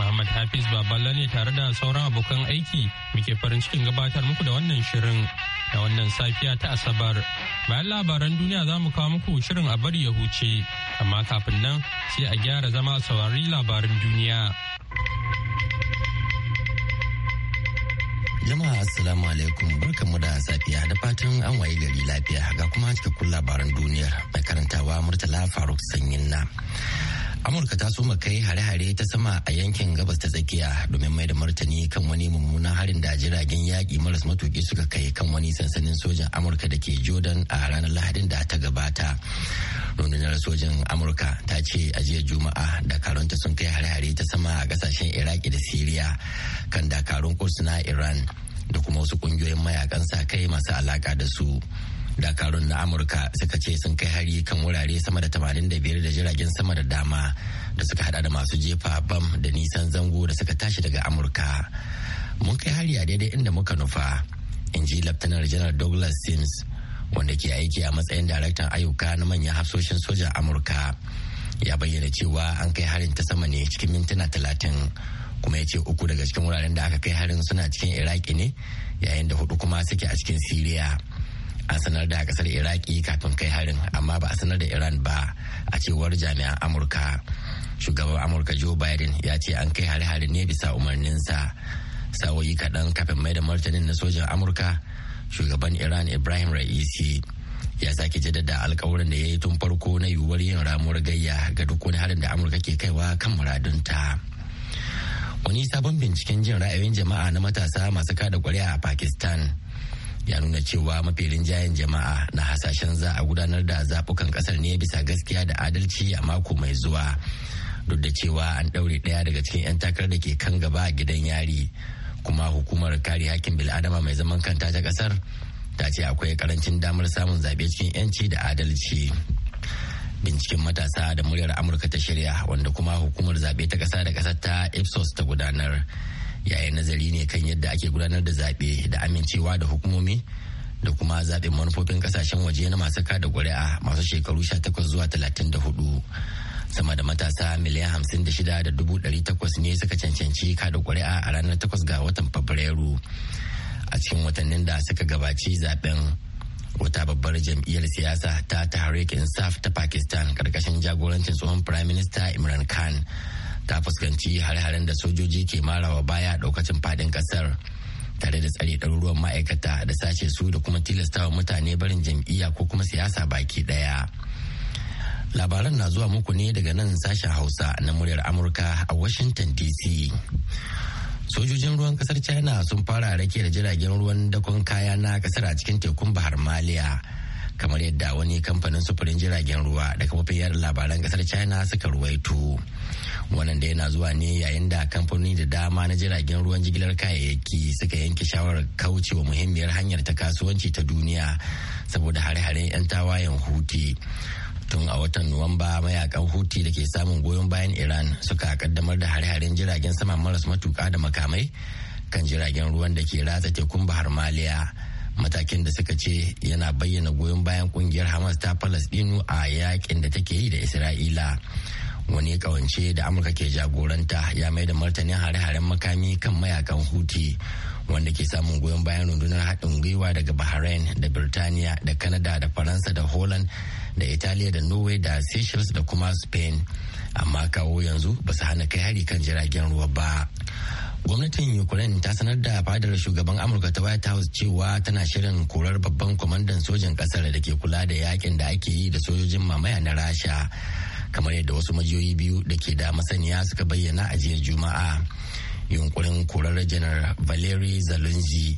Muhammad Hafiz Baballa ne tare da sauran abokan aiki muke farin cikin gabatar muku da wannan shirin da wannan safiya ta Asabar. Bayan labaran duniya za mu kawo muku shirin a bari ya huce, amma kafin nan sai a gyara zama saurari labarin duniya. Jama'a Assalamu alaikum barkamu da safiya da fatan an waye gari lafiya ga kuma cikakkun labaran duniyar mai karantawa Murtala Faruk Sanyin na. amurka ta soma kai hare-hare ta sama a yankin gabas ta tsakiya domin mai da martani kan wani mummunan harin da jiragen yaƙi maras matuƙi suka kai kan wani sansanin sojan amurka da ke jordan a ranar lahadin da ta gabata rundunar sojan amurka ta ce a jiya juma'a dakarunta sun kai hare-hare ta sama a kasashen iraki da siriya kan dakarun kursuna na iran da kuma wasu ƙungiyoyin mayakan sa kai masu alaƙa da su dakarun na amurka suka ce sun kai hari kan wurare sama da 85 da jiragen sama da dama da suka hada da masu jefa bam da nisan zango da suka tashi daga amurka mun kai hari a daidai inda muka nufa in ji laftanar janar douglas sims wanda ke aiki a matsayin daraktan ayyuka na manyan hafsoshin sojan amurka ya bayyana cewa an kai harin ta sama ne cikin mintuna talatin kuma ya ce uku daga cikin wuraren da aka kai harin suna cikin iraki ne yayin da hudu kuma suke a cikin siriya an sanar da kasar iraki kafin kai harin amma ba a sanar da iran ba a cewar jami'an amurka shugaban amurka joe biden ya ce an kai hari hare ne bisa umarninsa sa'o'i kaɗan kafin mai da martanin na sojan amurka shugaban iran ibrahim ra'isi ya sake jaddada alkawarin da ya yi tun farko na yiwuwar yin ramuwar gayya ga duk wani harin da amurka ke kaiwa kan muradunta wani sabon binciken jin ra'ayoyin jama'a na matasa masu kada ƙuri'a a pakistan ya nuna cewa mafi rinjayen jama'a na hasashen za a gudanar da zaɓukan ƙasar ne bisa gaskiya da adalci a mako mai zuwa duk da cewa an ɗaure ɗaya daga cikin 'yan takarar da ke kan gaba a gidan yari kuma hukumar kare hakkin bil'adama mai zaman kanta ta ƙasar ta ce akwai karancin damar samun zaɓe cikin 'yanci da adalci binciken matasa da muryar amurka ta shirya wanda kuma hukumar zaɓe ta ƙasa da ƙasar ta ipsos ta gudanar yayin nazari ne kan yadda ake gudanar da zaɓe da amincewa da hukumomi da kuma zaɓen manufofin ƙasashen waje na masu kada ƙuri'a masu shekaru 18 zuwa hudu sama da matasa miliyan shida 56,800 ne suka cancanci kada ƙuri'a a ranar takwas ga watan fabrairu a cikin watannin da suka gabaci zaɓen wata babbar jam'iyyar siyasa ta tahrik insaf ta pakistan karkashin jagorancin tsohon firayim minista imran khan ta fuskanci hare-haren da sojoji ke marawa baya ɗaukacin fadin kasar tare da tsare ɗaruruwan ma'aikata da sace su da kuma tilastawa mutane barin jam'iyya ko kuma siyasa baki ɗaya. labaran na zuwa muku ne daga nan sashen hausa na muryar amurka a washington dc sojojin ruwan kasar china sun fara rake da jiragen ruwan dakon kaya na kasar a cikin tekun bahar maliya kamar yadda wani kamfanin sufurin jiragen ruwa da kafofin yada labaran kasar china suka ruwaito wannan da yana zuwa ne yayin da kamfanoni da dama na jiragen ruwan jigilar kayayyaki suka yanke shawarar kaucewa muhimmiyar hanyar ta kasuwanci ta duniya saboda hare-haren 'yan tawayen huti tun a watan nuwamba mayakan huti da ke samun goyon bayan iran suka kaddamar da hare-haren jiragen sama maras matuka da makamai kan jiragen ruwan da ke ratsa tekun bahar maliya matakin da suka ce yana bayyana goyon bayan kungiyar hamas ta palestinu a yakin da take yi da isra'ila wani kawance da amurka ke jagoranta ya mai da martanin hare-haren makami kan mayakan huti wanda ke samun goyon bayan rundunar haɗin gwiwa daga bahrain da birtaniya da Kanada da faransa da holland da italiya da norway da seychelles da kuma spain amma kawo yanzu ba su hana kai hari kan jiragen ruwa ba gwamnatin ukraine ta sanar da fadar shugaban amurka ta white house cewa tana shirin korar babban kwamandan Sojin kasar da ke kula da yakin da ake yi da sojojin mamaya na rasha kamar yadda wasu majiyoyi biyu da ke da masaniya suka bayyana a jiya juma'a yunkurin korar janar valeri zalunzi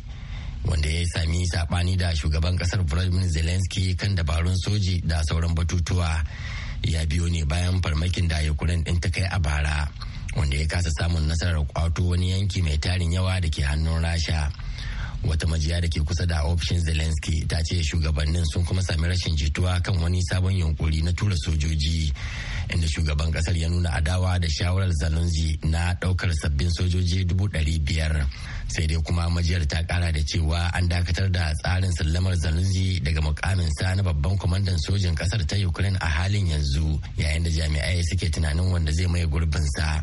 wanda ya sami sabani da shugaban kasar vladimir zelensky kan dabarun soji da sauran batutuwa ya biyo ne bayan farmakin da yukurin din ta kai a bara wanda ya kasa samun nasarar kwato wani yanki mai tarin yawa da ke hannun rasha wata majiya da ke kusa da ofishin zelensky ta ce shugabannin sun kuma sami rashin jituwa kan wani sabon yunkuri na tura sojoji inda shugaban kasar ya nuna adawa da shawarar zalunzi na daukar sabbin sojoji dubu ɗari biyar sai dai kuma majiyar ta kara da cewa an dakatar da tsarin sallamar zalunzi daga mukaminsa na babban kwamandan sojin kasar ta ukraine a halin yanzu yayin da jami'ai suke tunanin wanda zai maye gurbinsa.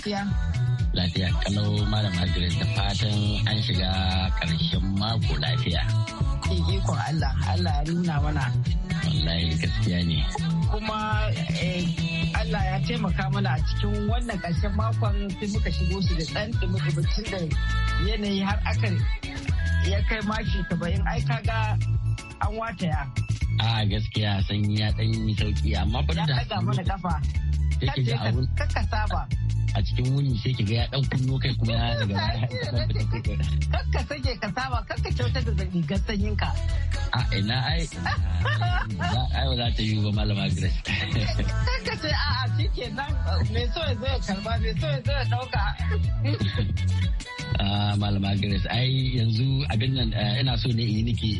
lafiya? Lafiya kalau Malam Margaret da fatan an shiga ƙarshen mako lafiya. Ikon Allah, Allah ya nuna mana. Wallahi gaskiya ne. Kuma eh, Allah ya taimaka mana a cikin wannan ƙarshen makon sai muka shigo shi da ɗan ɗumi da yanayi har akan ya kai ta bayan ai kaga an wataya. A gaskiya sanyi ya ɗan yi sauki amma ba da. Ya ɗaga mana kafa. Kaka saba. a cikin wuni sai ki ga ya dan kunno kai kuma ya daga kakka sake ka saba kakka kyauta da rigar sanyin ka a ina ai ai ba za ta yi ba malama grace kakka sai a a shikenan mai so ya zo ya karba mai so ya zo ya dauka malama grace ai yanzu abin nan eh, ina so ne yi niki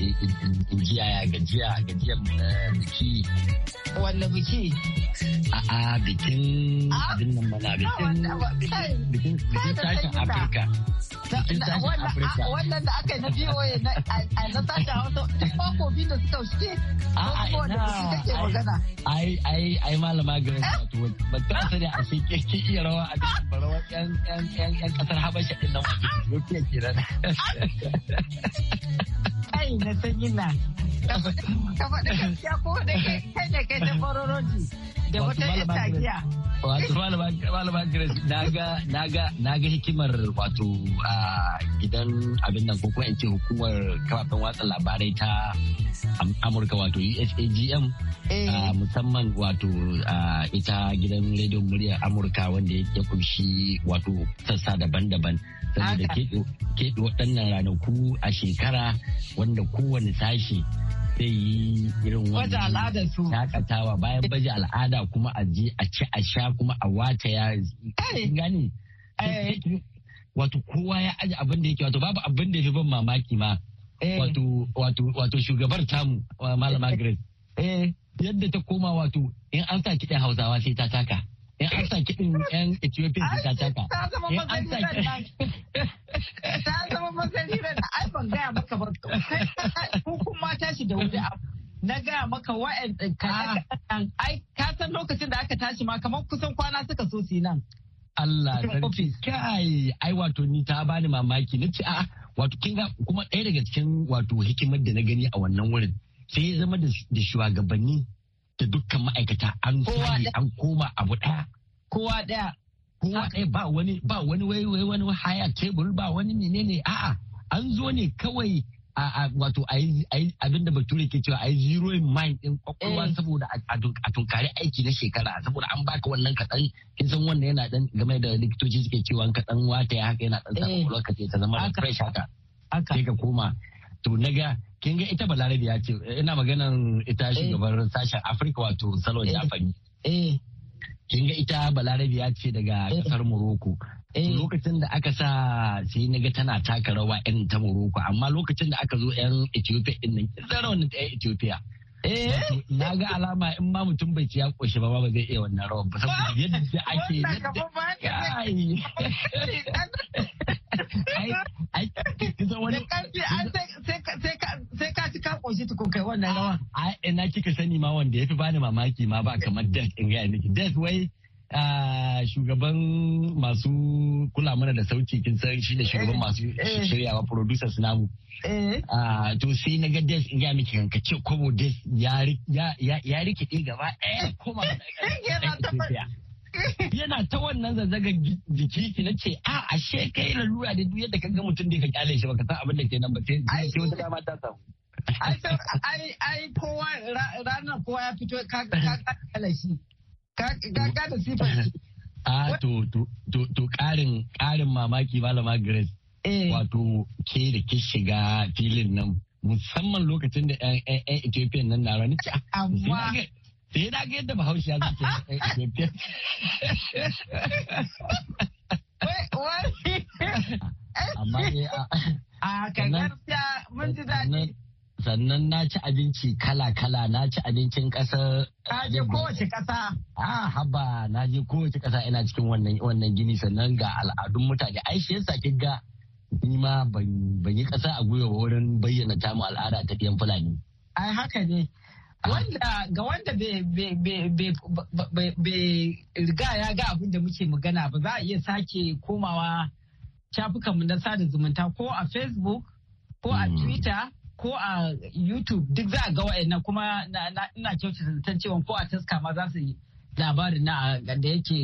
gajiya ya gajiya gajiyar eh, biki wanda biki a bikin ah? abin nan mana ah, bikin bikin bikin tashin afirka ah, wannan da aka yi na biyo a na tashin hausa ta kofi da suka shi ko da su kake magana ai ai ai malama grace eh? wato ba ta sani a sai ke iya rawa a yan yan yan yan kasar habasha din nan yake kenan ai na san yana ka faɗi gaskiya ko da kai ne kai ta bororoji da wata tagiya. Wato Malama Grace na ga hikimar wato a gidan abin nan ko kuma in ce hukumar kafafen watsa labarai ta Amurka wato USAGM eh. musamman wato ita gidan rediyon muryar Amurka wanda ya kunshi wato sassa daban-daban. Saboda keɗe waɗannan ranaku a shekara wanda kowane sashi sai yi irin wani al'ada su shakatawa bayan baje al'ada kuma a je a ci a sha kuma a wata ya eh. gani eh. wato kowa ya aji abin da yake wato babu abin da ya fi ban mamaki ma eh. wato wato wato shugabar tamu malama grace yadda ta koma wato in an sa kiɗan hausawa sai ta taka in eh, an sa kiɗin yan Ethiopian su ta taka. Ta zama eh, masarirar Ta zama masarirar da ai ban gaya maka ba. Ko kuma tashi da wuri na gaya maka wa'yan kaɗan ah. ai ka san lokacin da aka tashi ma kamar kusan kwana suka so su nan. Allah sarki kai ai wato ni ta bani mamaki na ci a wato kin ga kuma ɗaya daga cikin wato hikimar da na gani a wannan wurin sai ya zama da shugabanni da dukkan ma'aikata an sani an koma abu ɗaya. Kowa ɗaya. Kowa ɗaya ba wani ba wani wai wai wani haya tebur ba wani menene a'a an zo ne kawai a wato abin da bature ke cewa a yi zero in mind din kwakwalwa eh. saboda a tunkari aiki na shekara saboda an baka wannan kaɗan kin san wannan yana dan game da likitoci suke cewa kaɗan wata ya haka yana dan sa kwakwalwa eh. ka ta zama fresh haka. Haka. Sai ka koma to naga kin ga ita balarabe ya ce ina maganan ita eh. shugaban sashen afirka wato salon eh. jafani eh. kin ga ita balarabe ya ce daga kasar morocco lokacin da aka sa sai na ga tana taka rawa yan ta morocco amma lokacin da aka zo yan ethiopia din nan kin zara wannan ta ethiopia na ga alama in ma mutum bai ciya ya koshi ba ba zai iya wannan rawa ba saboda yadda ake ai ai wani sai koshi tukun kai wannan rawa. A ina kika sani ma wanda ya fi bani mamaki ma ba kamar Des in gaya miki. Des wai shugaban masu kula mana da sauti kin san shi da shugaban eh. masu eh. shiryawa producers namu. Eh. To sai na ga Des in gaya miki kanka ce kobo Des ya rikide gaba ɗaya koma. yana ta wannan zazzaga jiki ki na ce a ashe kai lalura da duk yadda ka ga mutum da ka kyale shi baka san abin da ke nan ba sai wata dama ta samu ai kowa ranar kowa ya fito ka kala shi ka da sifar a ah, to to to karin karin mamaki malama grace eh. wato ke da ke shiga filin nan musamman lokacin da yan ethiopian nan na rani ah, amma sai na ga yadda bahaushe ya zuke yan ethiopian amma ne a kan gaskiya mun ji daɗi sannan na ci abinci kala-kala na ci abincin Na je kowace ƙasa a ah, haba na je kowace ƙasa ina cikin wannan gini sannan ga al'adun mutane ai shi yasa kin ga ni ma ban yi ƙasa a gwiwa wurin bayyana ta mu al'ada ta ɗiyan fulani ai haka ne ah. wanda ga wanda bai riga ya ga abin da muke magana ba za a iya sake komawa shafukanmu na sada zumunta ko a facebook ko a hmm. twitter ko a YouTube duk za a ga wa'annan kuma ina kyautata zaton cewa ko a taska ma za su yi labarin na da yake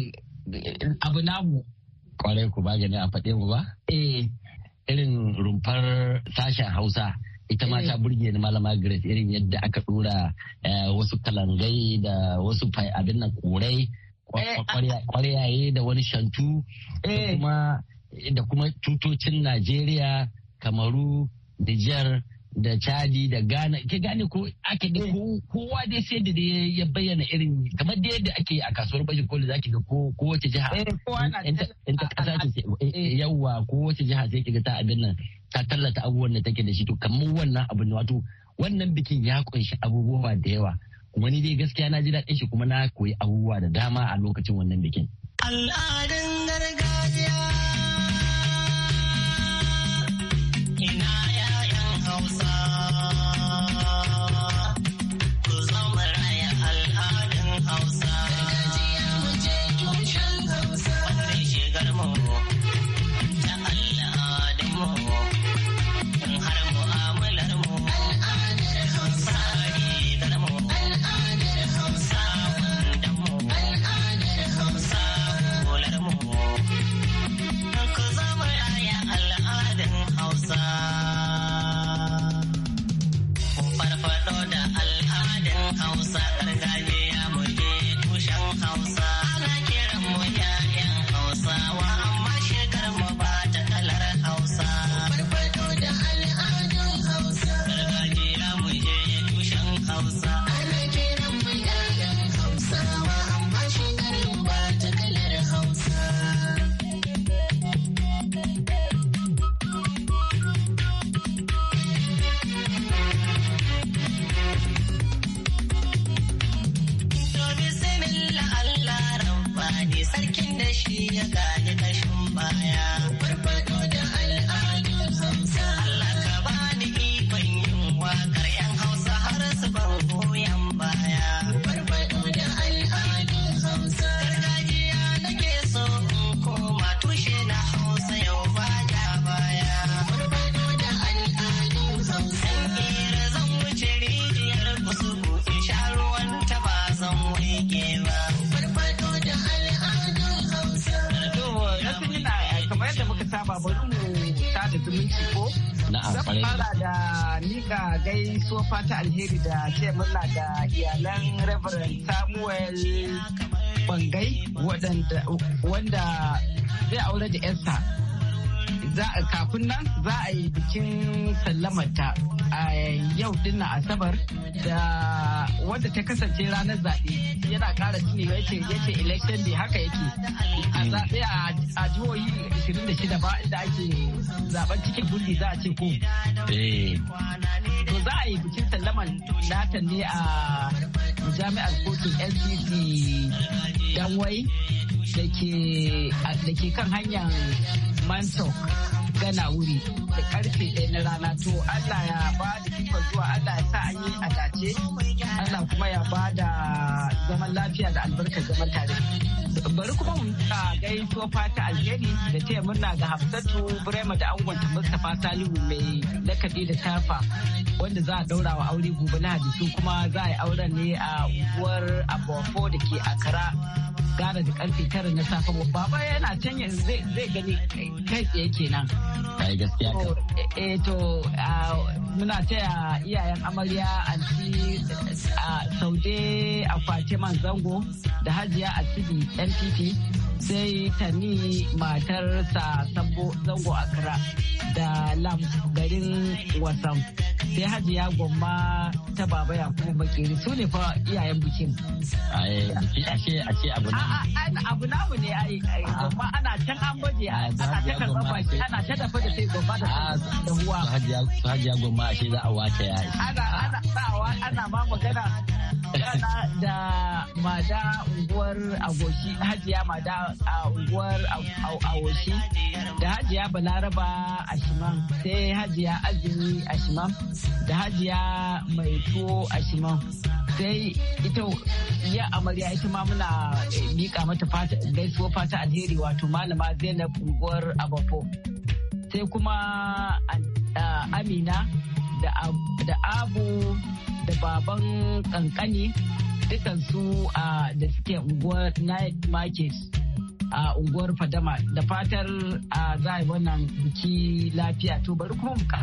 abu namu. Kwarai ku ba gani a faɗe mu ba? Eh. Irin rumfar sashen Hausa. ita ma ta eh. burge ni malama Grace irin yadda aka ɗora eh, wasu kalangai da wasu abin nan korai kwaryaye eh, da wani shantu da kuma tutocin Najeriya, Kamaru, Nijar da chadi da ghana ke gane ko ake da kowa dai sai da ya bayyana irin kamar da yadda ake a kasuwar bashi koli zaki ga kowace jiha eh, in ta kasa ce eh, eh. yawa kowace jiha sai kiga ta abin nan ta tallata abubuwan da take da shi to kamar wannan abin wato wannan bikin ya kunshi abubuwa da yawa kuma ni dai gaskiya na ji daɗin shi kuma na koyi abubuwa da dama a lokacin wannan bikin. da Hausa. ko? Na'am fara da nika gaisuwa fata alheri da ce murna da iyalan Reverend Samuel Bangai wanda zai aure da 'yarsa. kafin nan za a yi bikin sallamarta a yau na asabar da wanda ta kasance ranar zaɓe yana ƙara tuni yace yace election day haka yake a zaɓe a jihohi 26 ba inda ake zaɓen cikin gundi za a ce ko eh. to za a yi bikin sallamar latan ne a jami'ar kotun NCC danwai da ke kan hanyar mantok gana wuri da karfe ɗaya na rana to allah ya ba da kifar zuwa allah ya sa an yi a dace allah kuma ya ba da zaman lafiya da albarkar zaman tare bari kuma mu ta gaisuwa fata alheri da taya murna ga hafsatu burema da angonta mustapha salihu mai lakabi da tafa wanda za a daura wa aure gobe na kuma za a yi auren ne a uwar abofo da ke akara gara da karfe tara na safe baba yana can yanzu zai gani kai tsaye kenan ai gaskiya ka eh, eh to muna taya iyayen amarya anti saude a man zango da hajiya a cibi npp sai tani matarsa sabo zango akra da lam garin wasan sai hajiya gwamma ta baba ya kuma bakeri su ne fa iyayen bikin ashe ashe abu na abu na mu ne yi gwamma ana can an baje ana ta karɓar baki ana ta dafa da sai gwamma da ta. huwa su hajiya za a wace ya ana ana ma magana da mada unguwar agoshi hajiya mada a unguwar awoshi da hajiya balaraba a shimam sai hajiya azumi a shimam da hajiya mai tuwo a shimam sai ita ya amarya ita ma muna eh, mika mata fata gaisuwa fata alheri wato malama zainab unguwar abafo sai kuma amina da abu da baban kankani dukansu a da suke unguwar night market a unguwar fadama da fatar za a yi wannan biki lafiya to bari kuma muka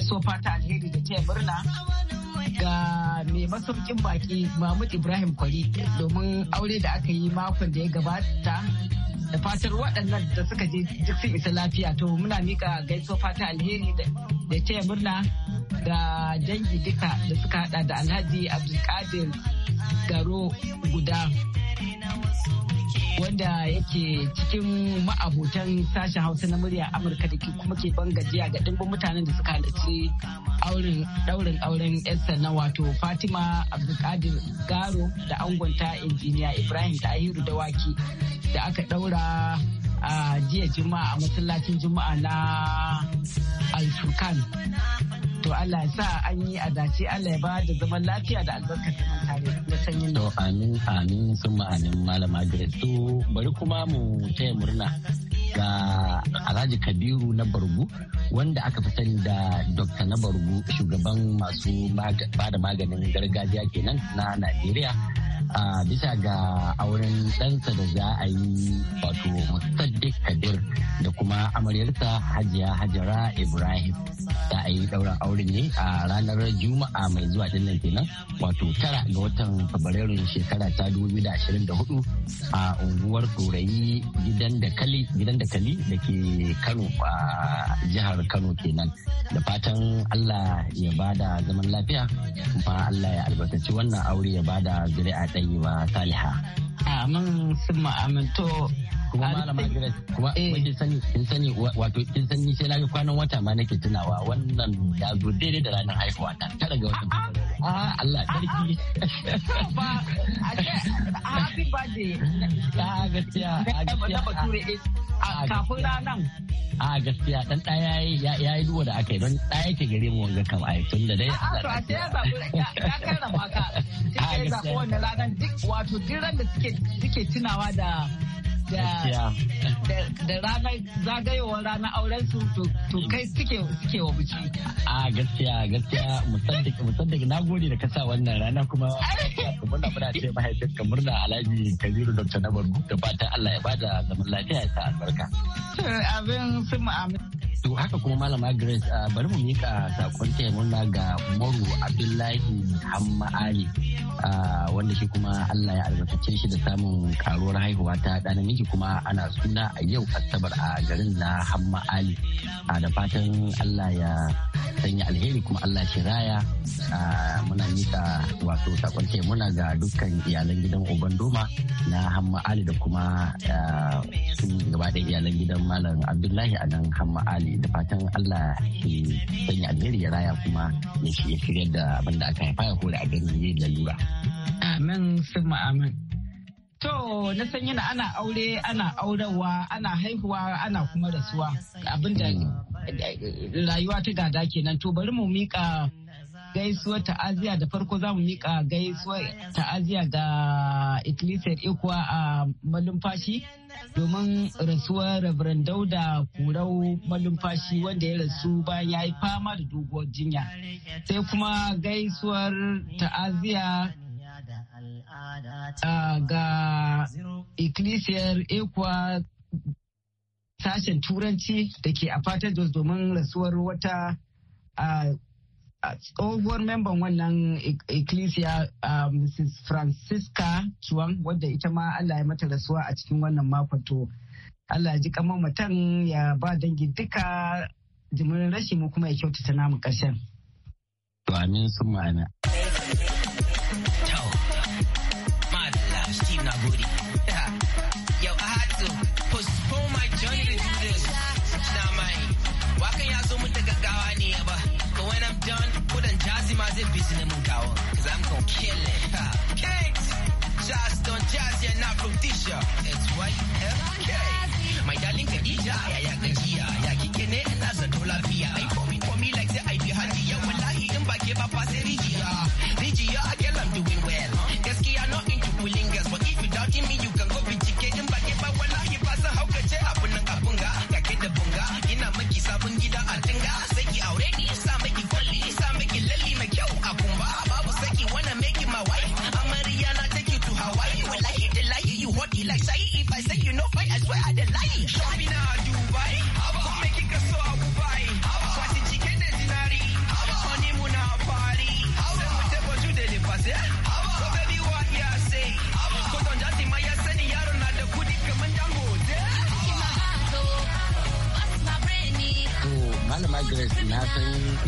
so fata alheri da taya murna ga mai masaukin baki mahmud ibrahim kwari domin aure da aka yi makon da ya gabata da fatar waɗannan da suka je duk sun isa lafiya to muna mika gaiso fata alheri da taya murna ga dangi duka da suka hada da alhaji abdulkadir garo guda wanda yake cikin ma'abotan sashen hausa na murya amurka da kuma ke ban gajiya ga dimbin mutanen da suka halarci auren daurin auren yarsa na wato fatima abdulkadir garo da angonta injiniya ibrahim tahiru dawaki da aka ɗaura. a jiya juma'a a masallacin juma'a na alfurkan to Allah ya sa an yi a dace Allah ya ba da zaman lafiya da albarkacin tare da sanyin to amin amin sun ma'anin malama to bari kuma mu taya murna ga Alhaji Kabiru na Bargu wanda aka fi sani da Dr. na shugaban masu bada maganin gargajiya kenan na Najeriya a bisa ga auren ɗansa da za a yi wato musaddik kabir da kuma amaryarsa hajiya hajara ibrahim za a yi ɗauran auren ne a ranar juma'a mai zuwa nan kenan wato tara ga watan fabrairun shekara ta 2024 a unguwar hudu a unguwar turai gidan da kali da ke kano a jihar kano kenan da fatan allah ya bada zaman lafiya kuma allah ya albarkaci wannan aure ya bada zuri'a ɗaya tayyiba saliha amin sun ma'aminto kuma malama Grace kuma kin eh. sani kin sani wato kin sani sai na kwanan wata ma nake tunawa wannan ya zo daidai da ranar haihuwa ta tara ga wannan a ah, ah, ah, Allah sarki happy birthday a gaskiya a gaskiya A eh, kafin ranar a gaskiya dan da ya yi duwa da aka yi don da yake gare mu wanga kam ai tun da dai a to a ce ya zaɓi ya karrama ka sai ya zaɓi wannan ranar duk wato duk ran da suke tunawa da da ranar zagayowar ranar auren su to kai suke suke wa buci. A gaskiya gaskiya musaddik na gode da sa wannan rana kuma murna muna ce mahaifin ka murna Alhaji Kabiru Dr. Nabar da fatan Allah ya bada zaman lafiya ya sa albarka. Abin sun mu'amala. To haka kuma malama Agnes ah, bari mu mika sakon taya murna ga Moru Abdullahi Hamma Ali ah, wanda shi kuma Allah ya albarkace shi da samun karuwar haihuwa ta ɗa miki kuma ana suna a yau Asabar a garin na Hamma Ali ah, da fatan Allah ya sanya alheri kuma Allah shi raya muna mika wato sakon taya murna ga dukkan iyalan gidan Uban Doma na Hamma Ali da kuma sun gaba da iyalan gidan Malam Abdullahi a nan Hamma Ali hankali da fatan Allah shi sanya alheri ya raya kuma ya shi shigar da abin da aka haifa ya kore a gani da lalura. Amin sun amin. To na san yana ana aure ana aurewa ana haihuwa ana kuma rasuwa abinda mm. rayuwa ta gada kenan to bari mu mika gaisuwar ta'aziya da farko za mu miƙa gaisuwar ta'aziya ga ikkilisiyar ikuwa a malumfashi domin rasuwar Reverend Dauda Kurau malumfashi wanda ya rasu bayan ya yi fama da doguwar jinya. Sai kuma gaisuwar ta'aziya ga ikkilisiyar ikuwa sashen turanci da ke a fatar jos domin rasuwar wata tsohuwar memban wannan ecclesia mrs francisca chuang wadda ita ma allah ya mata rasuwa a cikin wannan makon to allah ya ji kamar mutum ya ba dangi duka jimirin rashi mu kuma ya kyautata namu ƙarshen. to amin sun ma'ana. Wakan ya zo mun da gaggawa ne ba. But when I'm done, put on jazzy massive beats in the mungawa. Cause I'm gonna kill it. Kicks! Just on jazzy and Aphrodisia. It's YFK. My darling Khadija, ya ya gajiya. Ya kike ne ina zanto lafiya. Ai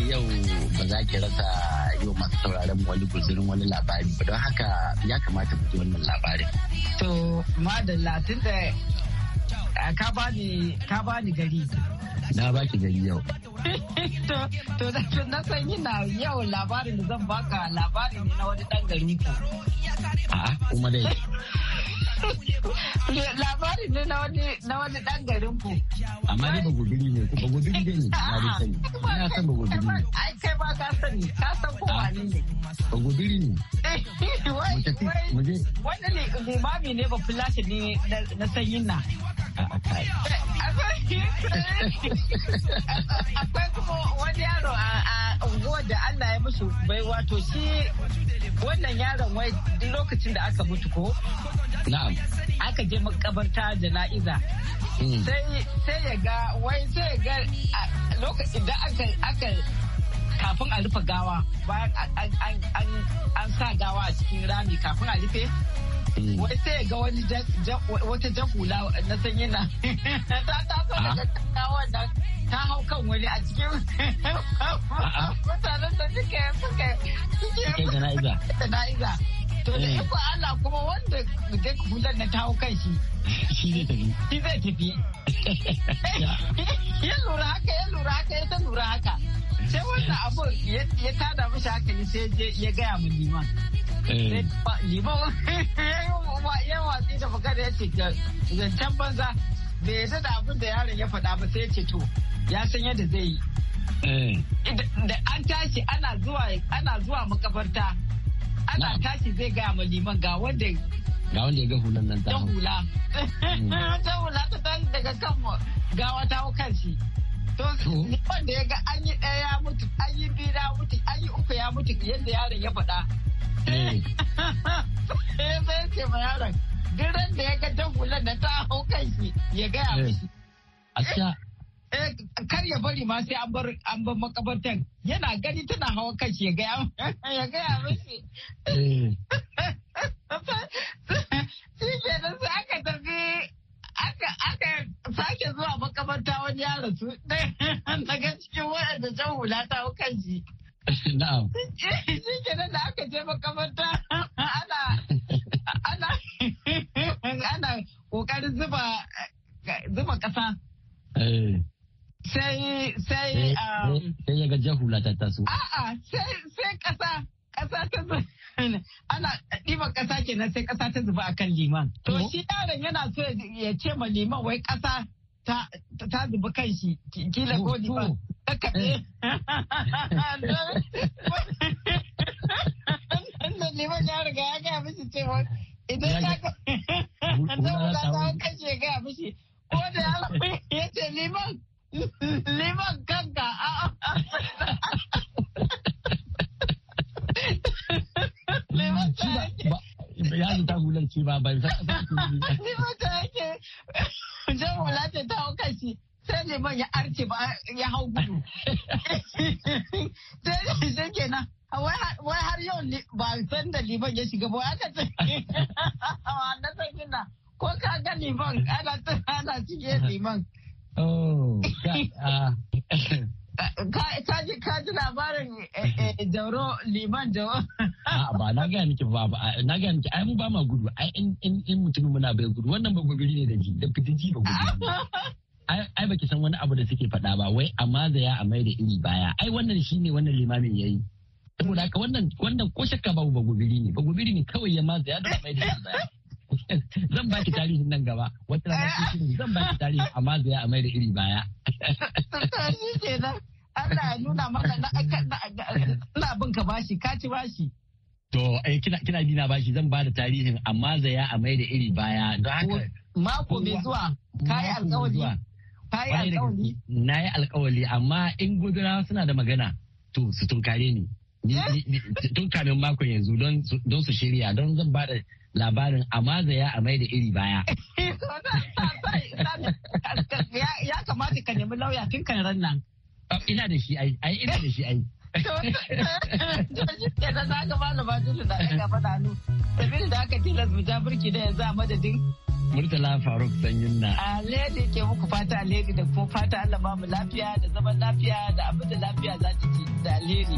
yau ba za ki rasa yau masu sauraron wani guzurin wani labari ba don haka ya kamata ku ji wannan labarin. To madalla tun da ka bani ka bani gari. Na ba ki gari yau. To to na san yana yau labarin da zan baka labari ne na wani dan gari ko. A'a kuma dai. Labari ne na wani ɗan garin ku. Amma ne ba guduri ne, ba guduri ne ne na da sani. Ina san ba guduri ne. Ai kai ba ka sani, ka san ko wani ne. Ba guduri ne. Eh, wani ne limami ne ba fulashi ne na sanyin na. Akwai kuma wani yaro a unguwar da Allah ya musu bai wato shi wannan yaron wai lokacin da aka mutu ko aka je makabarta jana'iza hmm. sai ya ga wai sai ya ga lokacin da aka kafin a rufe gawa bayan an sa gawa a cikin rami kafin a rufe hmm. wai sai ya ga wani wata jahula na sanyi na ta taso ah. daga kawon da ta hau kan wani a cikin mutanen da suke suke suke jana'iza To da iko Allah kuma wanda duk hular na ta hau shi. Shi zai tafi. Shi zai tafi. Ya lura haka ya lura haka ya ta lura haka. Sai wannan abu ya tada mishi haka ne sai ya gaya mu liman. Eh. Liman ya watsi da magana ya ce zancen banza da yarda da abin da yaron ya faɗa ba sai ya ce to ya san yadda zai yi. Eh. Da an tashi ana zuwa makabarta ana tashi zai gaya ma liman ga wanda ga wanda ya ga hulan nan ta hula mm. ta hula ta tashi daga kan gawa ta hau kan shi to liman da ya ga an yi ɗaya ya mutu an yi biyu ya mutu an yi uku ya mutu yadda yaron ya faɗa eh. Eh, sai sai ce ma yaron duk da ya ga ta hulan nan ta hau kan shi ya gaya eh. mishi Eh, kar ya bari ma sai an bar an bar makabartan yana gani tana hawa kashi ya gaya ya gaya mishi eh. shi da sai aka tafi aka aka sake zuwa makabarta wani ya rasu daga cikin waɗanda jan hula ta hau na'am shi kenan da aka je makabarta ce ma liman wai ƙasa ta zubi kan shi kila ko liman. Sai kenan. Wai har yau ba san da liban ya shiga ba aka ce. Na san kina ko ka ga liban ana ana cike liban. Ka ji ka ji labarin jauro liman jauro. Ba na gaya miki ba na gaya miki ai mu ba ma gudu ai in mutum muna bai gudu wannan ba gudu ne da ji da fitin ji ba gudu. ai baki san wani abu da suke faɗa ba wai amma da ya amai da iri baya ai wannan shine wannan limamin yayi saboda haka wannan wannan ko shakka babu bagubiri ne bagubiri ne kawai ya maza ya da amai da iri baya zan baki tarihin nan gaba wata rana shi zan baki tarihin amma da ya amai da iri baya shi kenan Allah ya nuna maka na ina bin ka bashi ka ci bashi To, eh, kina kina bina bashi zan bada tarihin amma zaya a mai da iri baya. Mako mai zuwa, kayi alkawari. Na yi alkawali amma in gudura suna da magana to su tunkare ni. Eh? Tun kamin makon yanzu don su shirya don zan ba da labarin amma zaya a mai da iri baya. Ya kamata ka nemi lauya tun kan nan. Oh, ina da shi ai, ina da shi ai. da za ka malama Julu da da aka tilas mu ja birki da yanzu a madadin Murtala Faruk Sanyin na. Alheri ke muku fata alheri da kuma fata Allah ba mu lafiya da zaman lafiya da abin da lafiya za ta ci da alheri.